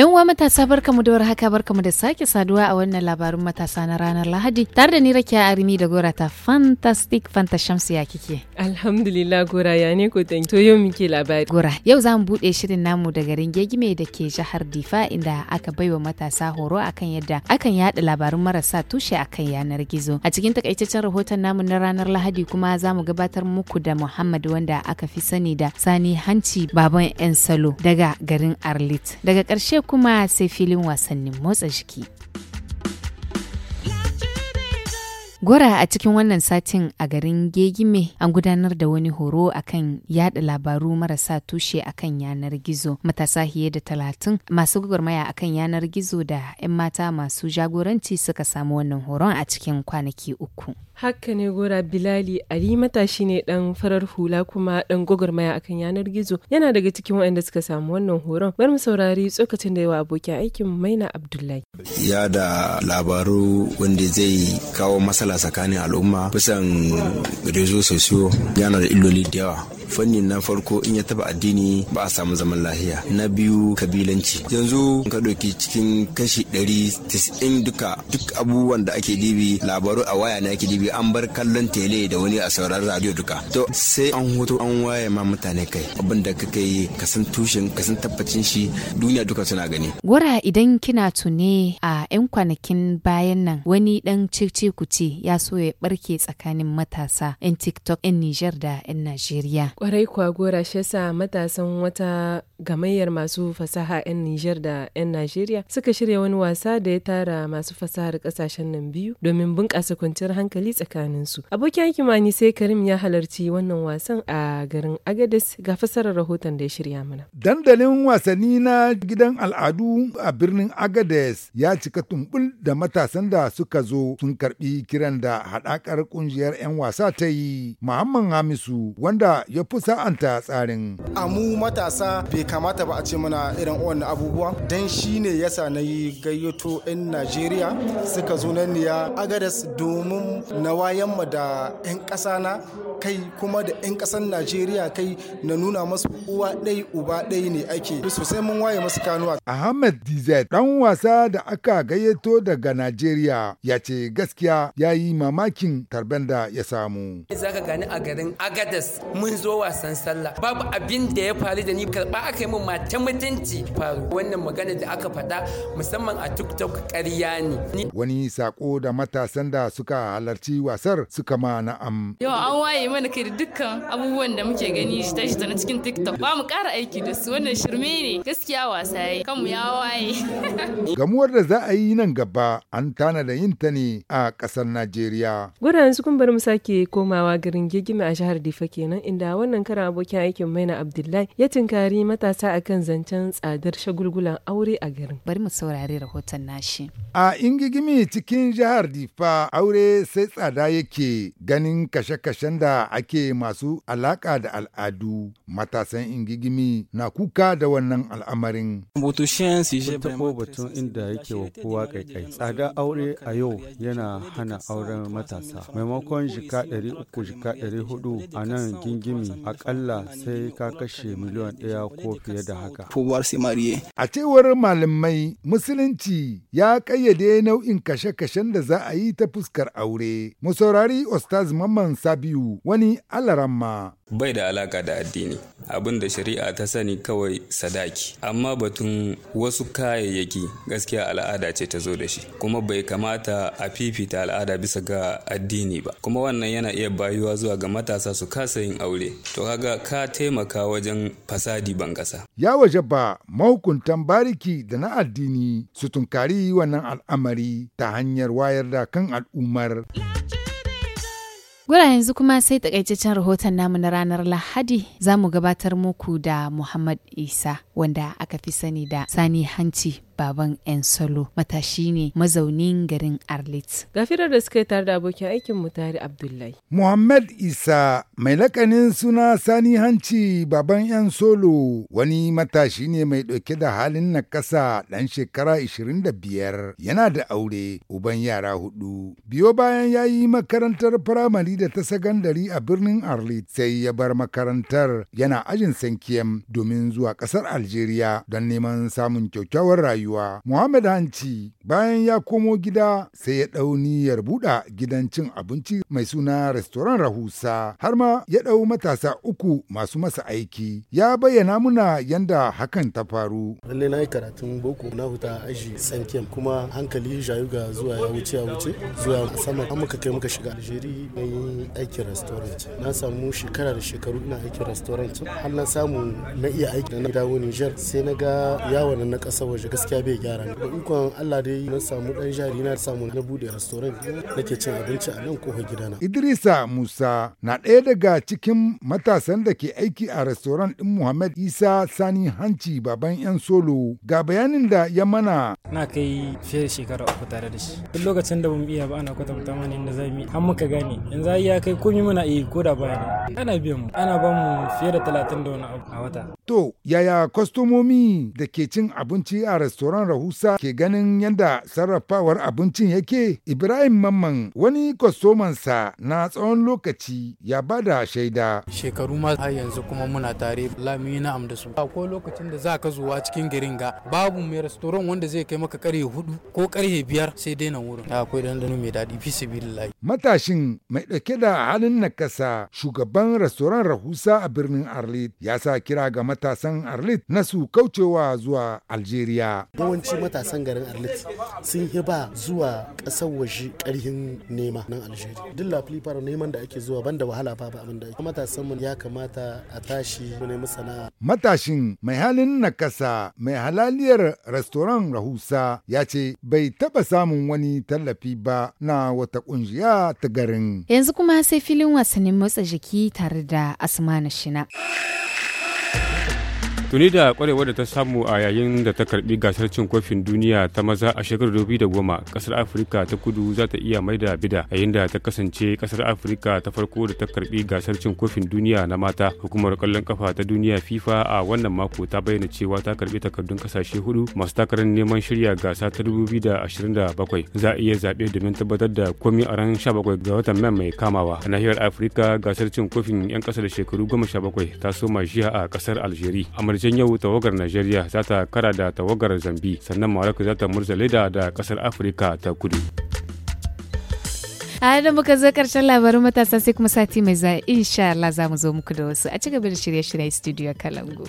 'Yan uwa matasa barkamu da haka barkamu da sake saduwa a wannan labarin matasa na ranar Lahadi tare da ni Rakiya Arimi da Gora ta Fantastic ya kike. Alhamdulillah Gora ya ne ko to yau muke labari. Gora yau za mu bude shirin namu da garin Gegime da ke jihar Difa inda aka baiwa matasa horo akan yadda akan yaɗa labarun marasa tushe akan yanar gizo. A cikin takaitaccen rahoton namu na ranar Lahadi kuma za mu gabatar muku da Muhammad wanda aka fi sani da Sani Hanci baban 'yan salo daga garin Arlit. Daga ƙarshe kuma sai filin wasannin motsa jiki. gora a cikin wannan satin a garin Gegime an gudanar da wani horo akan yada labaru marasa tushe akan yanar gizo. Matasa hiye da talatin masu gwagwarmaya akan yanar gizo da 'yan mata masu jagoranci suka samu wannan horon a cikin kwanaki uku. Haka ne Gora Bilali Ali matashi ne dan farar hula kuma dan gwagwarmaya akan yanar gizo yana daga cikin waɗanda suka samu wannan horon. Bari mu saurari tsokacin da yawa abokin aikin Maina Abdullahi. Ya da labaru wanda zai kawo masala matsala tsakanin al'umma bisan rezo sosiyo yana da illoli da yawa fannin na farko in ya taba addini ba a samu zaman lahiya na biyu kabilanci yanzu ka ɗauki cikin kashi ɗari tis'in duka duk abubuwan da ake dibi labaru a waya na ake dibi an bar kallon tele da wani a sauran radio duka to sai an hoto an waya ma mutane kai abin da kake yi ka san tushen ka san tabbacin shi duniya duka suna gani gora idan kina tune a yan kwanakin bayan nan wani dan ku kuce ya so ya barke tsakanin matasa 'yan tiktok 'yan nijar da 'yan najeriya kwarai kwa gora shi yasa matasan wata gamayyar masu fasaha 'yan nijar da 'yan najeriya suka shirya wani wasa da ya tara masu fasahar kasashen nan biyu domin bunƙasa kwanciyar hankali tsakanin su abokin aiki ni sai karim ya halarci wannan wasan a garin agadez ga fasarar rahoton da ya shirya mana dandalin wasanni na gidan al'adu a birnin agadez ya cika tumbul da matasan da suka zo sun karbi kiran kiran da haɗakar ƙungiyar 'yan wasa ta yi Muhammad Hamisu wanda ya fi sa'anta tsarin. A mu matasa bai kamata ba a ce mana irin wannan abubuwa don shi ne sa na yi gayyato 'yan Najeriya suka zo nan niya agadas domin na wayan mu da 'yan ƙasa na kai kuma da 'yan ƙasar Najeriya kai na nuna masu uwa ɗai uba ɗai ne ake sosai mun waye masu kanuwa. Ahmed dz ɗan wasa da aka gayyato daga Najeriya ya ce gaskiya ya yi yi mamakin tarben da ya samu. Za ka gani a garin Agadas mun zo wasan sallah babu abin da ya faru da ni karɓa aka yi min mata mutunci faru wannan magana da aka faɗa musamman a TikTok ƙarya ne. Wani sako da matasan da suka halarci wasar suka ma na'am. Yau an waye mana kai da dukkan abubuwan da muke gani shi ta shi na cikin TikTok ba mu ƙara aiki da su wannan shirme ne gaskiya wasa yayi kanmu ya waye. Gamuwar da za a yi nan gaba an tana da yin ta ne a ƙasar Najeriya. Najeriya. Gwada yanzu kun bari mu sake komawa garin gigimi a jihar Difa kenan inda wannan karan abokin aikin Maina Abdullahi ya tinkari matasa akan zancen tsadar shagulgulan aure a garin. Bari mu saurari rahoton nashi. A in Ingigimi cikin jihar Difa aure sai tsada yake ganin kashe-kashen da ake masu alaka da al'adu matasan Ingigimi na kuka da wannan al'amarin. Butushen si batun inda yake wa kowa kai Tsada aure a yau yana hana auren matasa maimakon jika 300 jika 400 a nan gingimi akalla sai ka kashe miliyan ɗaya ko fiye da haka a cewar malamai musulunci ya kayyade nau'in kashe-kashen da za a yi ta fuskar aure mu ostaz mamman sabiu wani alaramma bai da alaka da addini abin da shari'a ta sani kawai sadaki amma batun wasu kayayyaki gaskiya al'ada ce ta zo da shi kuma bai kamata a fifita al'ada bisa ga addini ba kuma wannan yana iya bayuwa zuwa ga matasa su kasa yin aure to kaga ka taimaka wajen fasadi ban kasa ya waje ba mahukuntan bariki da na addini su tunkari wannan al'amari ta hanyar wayar da kan al'ummar. Gura yanzu kuma sai takaitaccen rahoton namu na ranar Lahadi za mu gabatar muku da Muhammad Isa. wanda aka fi sani da sani hanci baban yan salo matashi ne mazaunin garin arlit gafirar da suka tare da abokin aikin mu tare abdullahi muhammad isa mai lakanin suna sani hanci baban yan solo wani matashi ne mai dauke da halin na kasa dan shekara 25 yana da aure uban yara hudu biyo bayan ya yi makarantar firamare da ta sagandari a birnin arlit sai ya bar makarantar yana ajin sankiyam domin zuwa kasar algeria Najeriya don neman samun kyakkyawar rayuwa. Muhammad Hanci bayan ya komo gida sai ya ɗau niyyar buɗe gidan cin abinci mai suna Restoran Rahusa har ma ya ɗau matasa uku masu masa aiki. Ya bayyana muna yanda hakan ta faru. Lalle na karatun boko na huta aji sankem kuma hankali jayu ga zuwa ya wuce ya wuce sama an muka muka shiga Aljeri aikin restaurant. Na samu shekara shekaru ina aikin restaurant har na samu na iya aiki na dawo ne Niger sai na ga yawon na ƙasar waje gaskiya bai gyara ni. ikon Allah dai na samu ɗan jari na samu na buɗe restaurant nake cin abinci a nan kofar gidana. Idrisa Musa na ɗaya daga cikin matasan da ke aiki a restaurant ɗin Muhammad Isa Sani Hanci baban 'yan solo ga bayanin da ya mana. Na kai fiye da shekara uku tare da shi. Duk lokacin da bamu iya ba ana kwatanta mana inda za mu har muka gane. Yanzu ya kai komi muna iya ko da baya ne. Ana biyan mu ana ba mu fiye da talatin da wani abu a wata. To, yaya kwastomomi da ke cin abinci a restoran Rahusa ke ganin yadda sarrafawar abincin yake? Ibrahim Mamman wani kwastomansa na tsawon lokaci ya ba da shaida. Shekaru ma har yanzu kuma muna tare lami na amda su. Ko lokacin da za ka zuwa cikin garin babu mai restoran wanda zai kai maka karye hudu ko karye biyar sai dai na wurin. Akwai dandano mai daɗi fi sabilillahi. Matashin mai ɗauke da halin nakasa shugaban restoran Rahusa a birnin Arlit ya sa kira ga matasan Arlit na su kaucewa zuwa Algeria. Yawanci matasan garin Arlit sun yi ba zuwa ƙasar waje ƙarhin nema nan Algeria. Duk lafifar neman da ake zuwa banda wahala ba abin da ake. Matasan mu ya kamata a tashi mu nemi sana'a. Matashin mai halin nakasa mai halaliyar restoran Rahusa ya ce bai taɓa samun wani tallafi ba na wata ƙungiya ta garin. Yanzu kuma sai filin wasannin motsa jiki tare da na Shina. tuni da kwarewar da ta samu a yayin da ta karbi gasar cin kofin duniya ta maza a shekarar goma kasar afirka ta kudu za ta iya mai da bida yayin da ta kasance kasar afirka ta farko da ta karbi gasar cin kofin duniya na mata hukumar kwallon kafa ta duniya fifa a wannan mako ta bayyana cewa ta karbi takardun kasashe hudu masu takarar neman shirya gasa ta 2027 za a iya zaɓe domin tabbatar da komi a ran 17 ga watan mai mai kamawa a nahiyar afirka gasar cin kofin 'yan ƙasa da shekaru 17 ta soma jiya a kasar algeria maraicen yau tawagar Najeriya za ta kara da tawagar Zambi sannan Maroko za ta murza leda da kasar Afirka ta kudu. A da muka zo karshen labarin matasa sai kuma sati mai za insha Allah za mu zo muku da wasu a cigaba da shirye-shiryen studio Kalangu.